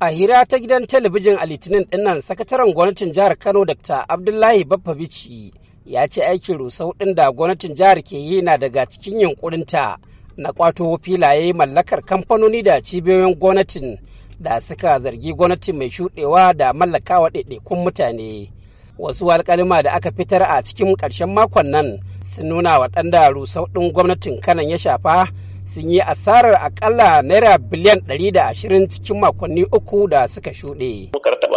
A hira ta gidan talabijin a Litinin dinnan sakataren gwamnatin jihar Kano Dr. Abdullahi Baffabici ya ce aikin rusau ɗin da gwamnatin jihar ke yi na daga cikin yunkurinta na kwato filaye mallakar kamfanoni da cibiyoyin gwamnatin da suka zargi gwamnatin mai shuɗewa da mallakawa ɗaiɗaikun mutane. Wasu alkalima da aka fitar a cikin ƙarshen makon nan sun nuna waɗanda rusau ɗin gwamnatin kanan ya shafa sun yi asarar akalla naira biliyan 120 cikin makonni uku da suka shuɗe.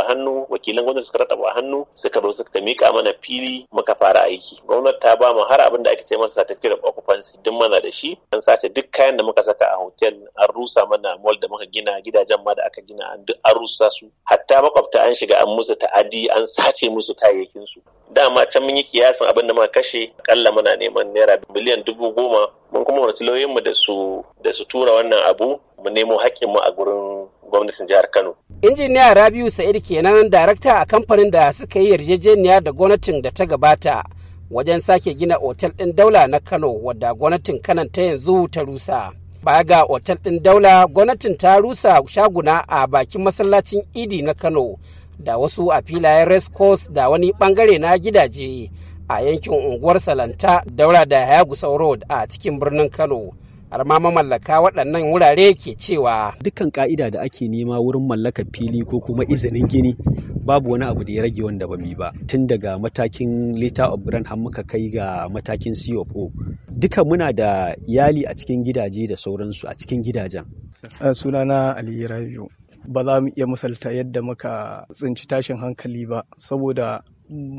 hannu wakilan gwamnati suka rataba a hannu suka zo suka mika mana fili muka fara aiki gwamnati ta ba mu har abin da ake ce masa certificate of occupancy duk mana da shi an sace duk kayan da muka saka a hotel an rusa mana mall da muka gina gidajen ma da aka gina an duk an rusa su hatta makwabta an shiga an musu ta'adi an sace musu kayayyakin su dama can mun yi kiyasin abin da muka kashe akalla muna neman naira biliyan dubu goma mun kuma wani lauyoyinmu da su da su tura wannan abu mu nemo haƙƙinmu a gurin gwamnatin jihar Kano injiniya rabiu sa'id kenan darakta a kamfanin da suka yi yarjejeniya da gwamnatin da ta gabata wajen sake gina otal ɗin daula na kano wadda gwamnatin kanan ta yanzu ta rusa baya ga otal ɗin daula gwamnatin ta rusa shaguna a bakin masallacin idi na kano da wasu a filayen rescos da wani bangare na gidaje a yankin unguwar salanta daura da hayagusa road a cikin birnin kano har ma mamallaka waɗannan wurare ke cewa dukkan ka'ida da ake nema wurin mallakar fili ko kuma izinin gini babu wani abu da ya rage wanda ba mu ba tun daga matakin lita of grand har muka kai ga matakin CFO, duka muna da iyali a cikin gidaje da sauransu a cikin gidajen sunana Ali Rabiu ba za mu iya misalta yadda muka tsinci tashin hankali ba saboda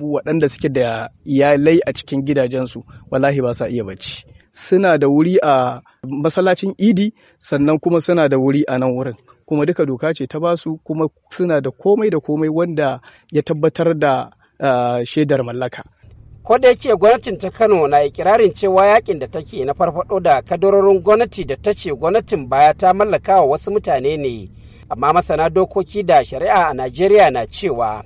waɗanda suke da iyalai a cikin gidajensu wallahi ba sa iya bacci suna da wuri a masallacin idi sannan kuma suna da wuri a nan wurin kuma duka doka ce ta basu kuma suna da komai da komai wanda ya tabbatar da shaidar mallaka ko da yake gwamnatin ta Kano na ikirarin cewa yakin da take na farfado da kadarorin gwamnati da ta ce gwamnatin baya ta mallaka wa wasu mutane ne amma masana dokoki da shari'a a Najeriya na cewa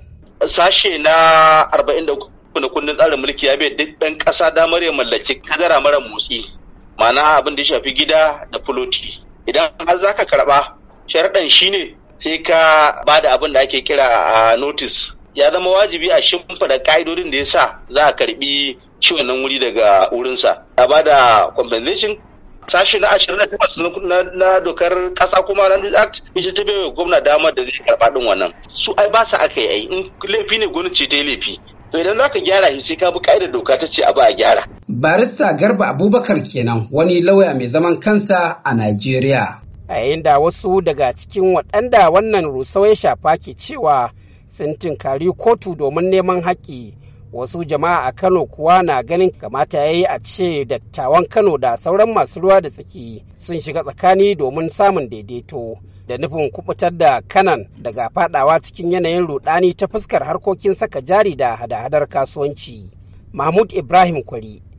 sashe na 43 na kundin tsarin mulki ya bai duk ɗan ƙasa damar ya mallaki kadara mara motsi ma'ana abin da ya shafi gida da fuloti idan har za ka karba sharaɗan shine sai ka ba da abin da ake kira a notice ya zama wajibi a shimfiɗa ƙa'idodin da ya sa za a karbi shi wannan wuri daga wurinsa a ba da compensation sashi na ashirin da 28 na dokar ƙasa kuma land act ita ta bai gwamna damar da zai karɓa ɗin wannan su ai ba su aka yi in laifi ne gwamnati ta yi laifi to idan za ka gyara shi sai ka bi ka'idar doka ta ce a ba a gyara Barista Garba Abubakar kenan wani lauya mai zaman kansa a Najeriya. A inda wasu daga cikin waɗanda wannan rusau ya shafa ke cewa sun tinkari kotu domin neman haƙƙi. Wasu jama'a a Kano kuwa na ganin kamata ya yi a ce dattawan Kano da sauran masu ruwa da tsaki sun shiga tsakani domin samun daidaito. da nufin kubutar da kanan daga fadawa cikin yanayin rudani ta fuskar harkokin saka jari da hada-hadar kasuwanci. Mahmud Ibrahim Kwari